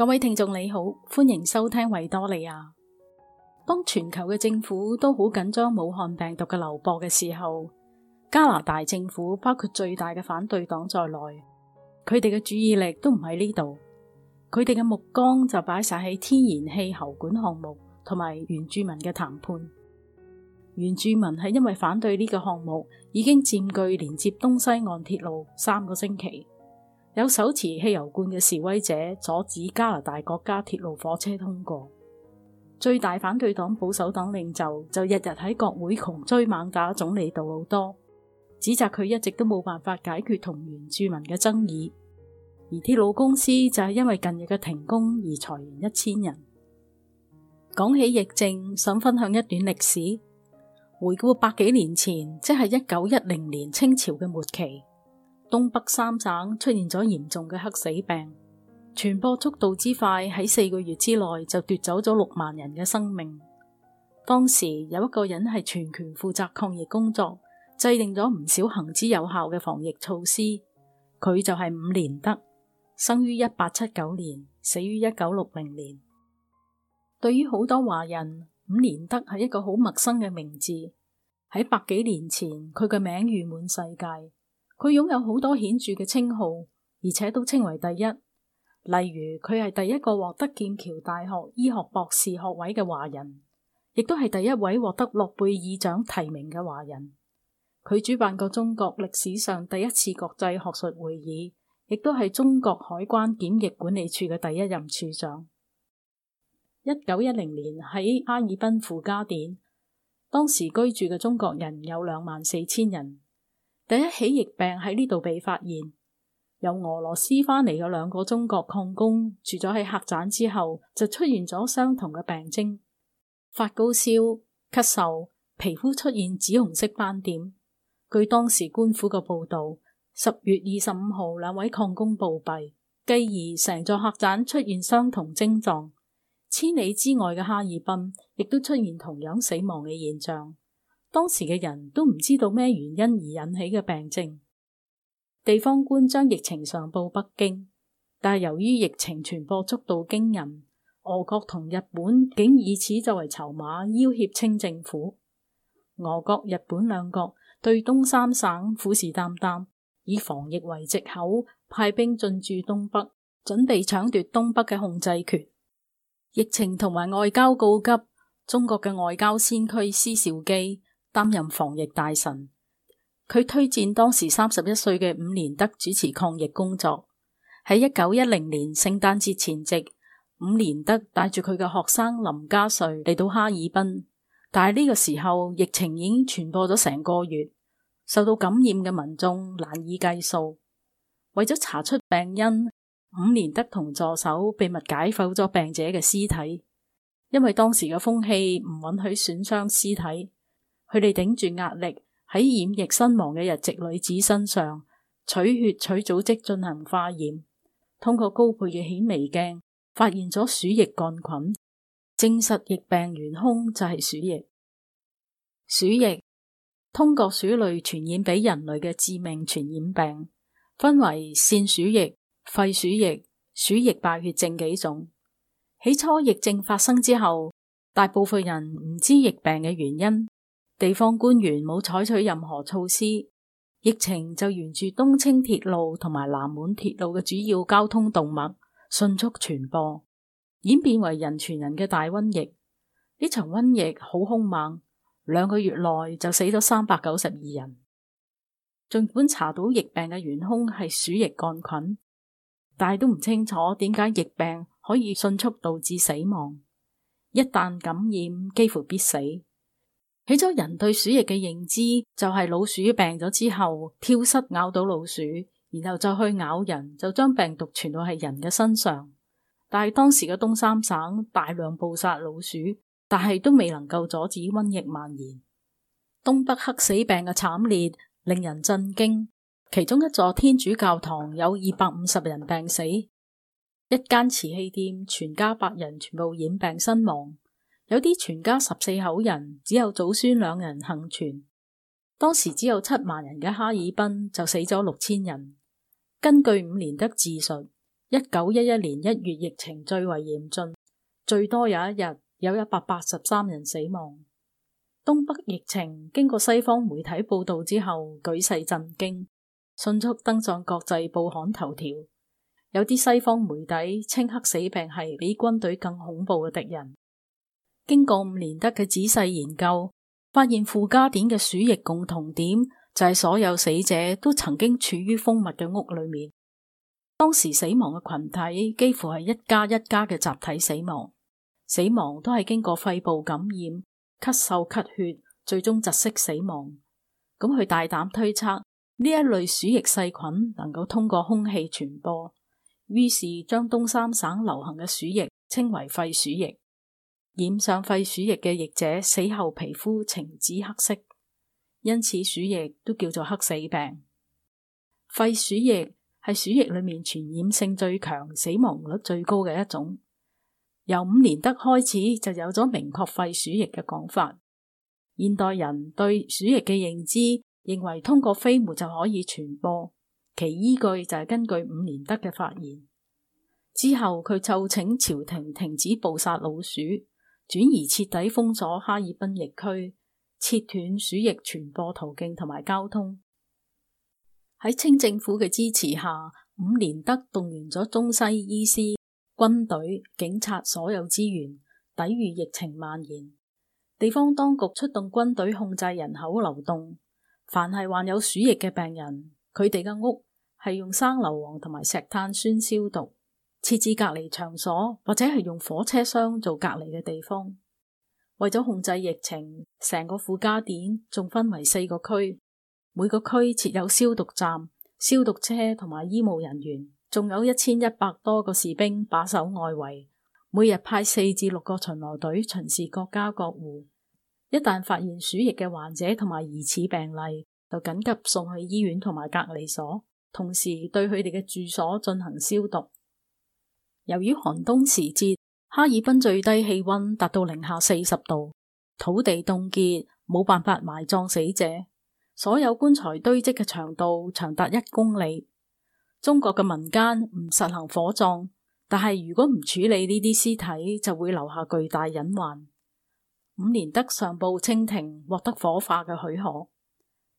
各位聽眾你好，歡迎收聽維多利亞。當全球嘅政府都好緊張武漢病毒嘅流播嘅時候，加拿大政府包括最大嘅反對黨在內，佢哋嘅注意力都唔喺呢度，佢哋嘅目光就擺晒喺天然氣喉管項目同埋原住民嘅談判。原住民係因為反對呢個項目，已經佔據連接東西岸鐵路三個星期。有手持汽油罐嘅示威者阻止加拿大國家鐵路火車通過。最大反對黨保守黨領袖就日日喺國會窮追猛打總理杜魯多，指責佢一直都冇辦法解決同原住民嘅爭議。而鐵路公司就係因為近日嘅停工而裁員一千人。講起疫症，想分享一段歷史，回顧百幾年前，即係一九一零年清朝嘅末期。東北三省出現咗嚴重嘅黑死病，傳播速度之快，喺四個月之內就奪走咗六萬人嘅生命。當時有一個人係全權負責抗疫工作，製定咗唔少行之有效嘅防疫措施。佢就係伍連德，生於一八七九年，死於一九六零年。對於好多華人，伍連德係一個好陌生嘅名字。喺百幾年前，佢嘅名譽滿世界。佢擁有好多顯著嘅稱號，而且都稱為第一。例如，佢係第一個獲得劍橋大學醫學博士學位嘅華人，亦都係第一位獲得諾貝爾獎提名嘅華人。佢主辦過中國歷史上第一次國際學術會議，亦都係中國海關檢疫管理處嘅第一任處長。一九一零年喺哈爾濱傅家甸，當時居住嘅中國人有兩萬四千人。第一起疫病喺呢度被發現，由俄羅斯返嚟嘅兩個中國礦工住咗喺客棧之後，就出現咗相同嘅病徵：發高燒、咳嗽、皮膚出現紫紅色斑點。據當時官府嘅報道，十月二十五號，兩位礦工暴斃，繼而成座客棧出現相同症狀。千里之外嘅哈爾濱亦都出現同樣死亡嘅現象。當時嘅人都唔知道咩原因而引起嘅病症，地方官將疫情上報北京，但由於疫情傳播速度驚人，俄國同日本竟以此作為籌碼要挾清政府。俄國、日本兩國對東三省虎視眈眈，以防疫為借口派兵進駐東北，準備搶奪東北嘅控制權。疫情同埋外交告急，中國嘅外交先驅施肇基。擔任防疫大臣，佢推薦當時三十一歲嘅伍連德主持抗疫工作。喺一九一零年聖誕節前夕，伍連德帶住佢嘅學生林家瑞嚟到哈爾濱，但係呢個時候疫情已經傳播咗成個月，受到感染嘅民眾難以計數。為咗查出病因，伍連德同助手秘密解剖咗病者嘅屍體，因為當時嘅風氣唔允許損傷屍體。佢哋頂住壓力喺染疫身亡嘅日籍女子身上取血取組織進行化驗，通過高倍嘅顯微鏡發現咗鼠疫桿菌，證實疫病元凶就係鼠疫。鼠疫通過鼠類傳染俾人類嘅致命傳染病，分為腺鼠疫、肺鼠疫、鼠疫敗血症幾種。起初疫症發生之後，大部分人唔知疫病嘅原因。地方官員冇採取任何措施，疫情就沿住東清鐵路同埋南滿鐵路嘅主要交通動脈迅速傳播，演變為人傳人嘅大瘟疫。呢場瘟疫好凶猛，兩個月內就死咗三百九十二人。儘管查到疫病嘅元凶係鼠疫桿菌，但係都唔清楚點解疫病可以迅速導致死亡，一旦感染幾乎必死。起初人對鼠疫嘅認知，就係老鼠病咗之後，跳蚤咬到老鼠，然後就去咬人，就將病毒傳到係人嘅身上。但係當時嘅東三省大量捕殺老鼠，但係都未能夠阻止瘟疫蔓延。東北黑死病嘅慘烈令人震驚，其中一座天主教堂有二百五十人病死，一間瓷器店全家百人全部染病身亡。有啲全家十四口人，只有祖孫兩人幸存。當時只有七萬人嘅哈爾濱就死咗六千人。根據伍連德自述，一九一一年一月疫情最為嚴峻，最多有一日有一百八十三人死亡。東北疫情經過西方媒體報道之後，舉世震驚，迅速登上國際報刊頭條。有啲西方媒體稱黑死病係比軍隊更恐怖嘅敵人。經過伍連德嘅仔細研究，發現傅家甸嘅鼠疫共同點就係、是、所有死者都曾經處於封密嘅屋裏面。當時死亡嘅群體幾乎係一家一家嘅集體死亡，死亡都係經過肺部感染、咳嗽、咳血，最終窒息死亡。咁佢大膽推測呢一類鼠疫細菌能夠通過空氣傳播，於是將東三省流行嘅鼠疫稱為肺鼠疫。染上肺鼠疫嘅疫者死後皮膚呈紫黑色，因此鼠疫都叫做黑死病。肺鼠疫係鼠疫裏面傳染性最強、死亡率最高嘅一種。由伍連德開始就有咗明確肺鼠疫嘅講法。現代人對鼠疫嘅認知，認為通過飛沫就可以傳播，其依據就係根據伍連德嘅發現。之後佢就請朝廷停止捕殺老鼠。轉移，徹底封鎖哈爾濱疫區，切斷鼠疫傳播途徑同埋交通。喺清政府嘅支持下，伍連德動員咗中西醫師、軍隊、警察所有資源，抵禦疫情蔓延。地方當局出動軍隊控制人口流動，凡係患有鼠疫嘅病人，佢哋嘅屋係用生硫磺同埋石炭酸消毒。設置隔離場所，或者係用火車廂做隔離嘅地方，為咗控制疫情，成個傅家甸仲分為四個區，每個區設有消毒站、消毒車同埋醫務人員，仲有一千一百多個士兵把守外圍，每日派四至六個巡邏隊巡視各家各戶，一旦發現鼠疫嘅患者同埋疑似病例，就緊急送去醫院同埋隔離所，同時對佢哋嘅住所進行消毒。由於寒冬時節，哈爾濱最低氣溫達到零下四十度，土地凍結，冇辦法埋葬死者。所有棺材堆積嘅長度長達一公里。中國嘅民間唔實行火葬，但係如果唔處理呢啲屍體，就會留下巨大隱患。伍連德上報清廷獲得火化嘅許可。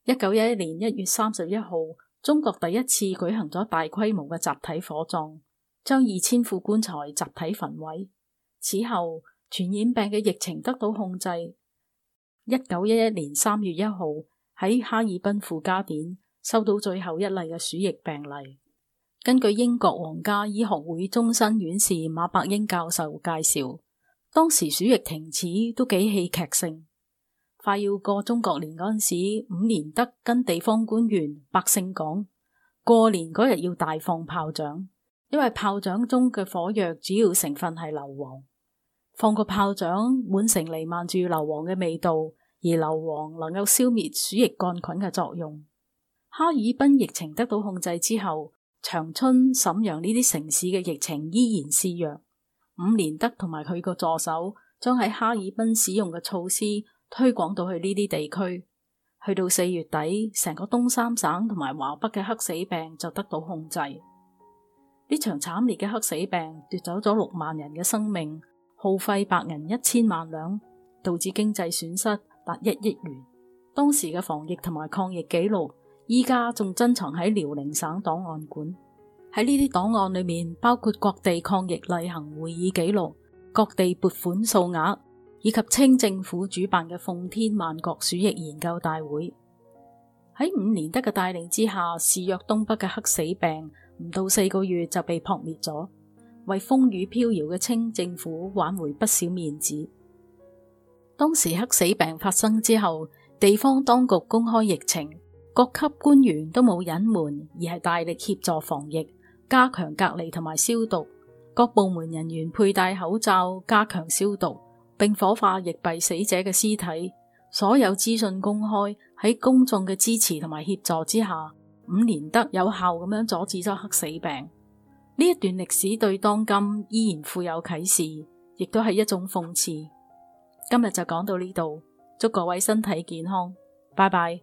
一九一一年一月三十一號，中國第一次舉行咗大規模嘅集體火葬。將二千副棺材集體焚毀。此後，傳染病嘅疫情得到控制。一九一一年三月一號，喺哈爾濱傅家甸收到最後一例嘅鼠疫病例。根據英國皇家醫學會終身院士馬伯英教授介紹，當時鼠疫停止都幾戲劇性，快要過中國年嗰陣時，伍連德跟地方官員百姓講過年嗰日要大放炮仗。因為炮仗中嘅火藥主要成分係硫磺，放個炮仗滿城彌漫住硫磺嘅味道，而硫磺能夠消滅鼠疫杆菌嘅作用。哈爾濱疫情得到控制之後，長春、瀋陽呢啲城市嘅疫情依然肆虐。伍連德同埋佢個助手將喺哈爾濱使用嘅措施推廣到去呢啲地區，去到四月底，成個東三省同埋華北嘅黑死病就得到控制。呢場慘烈嘅黑死病奪走咗六萬人嘅生命，耗費白銀一千萬兩，導致經濟損失達一億元。當時嘅防疫同埋抗疫紀錄，依家仲珍藏喺遼寧省檔案館。喺呢啲檔案裏面，包括各地抗疫例行會議紀錄、各地撥款數額，以及清政府主辦嘅奉天萬國鼠疫研究大會。喺伍連德嘅帶領之下，肆虐東北嘅黑死病。唔到四個月就被撲滅咗，為風雨飄搖嘅清政府挽回不少面子。當時黑死病發生之後，地方當局公開疫情，各級官員都冇隱瞞，而係大力協助防疫，加強隔離同埋消毒。各部門人員佩戴口罩，加強消毒，並火化疫斃死者嘅屍體。所有資訊公開，喺公眾嘅支持同埋協助之下。伍連德有效咁樣阻止咗黑死病，呢一段歷史對當今依然富有啟示，亦都係一種諷刺。今日就講到呢度，祝各位身體健康，拜拜。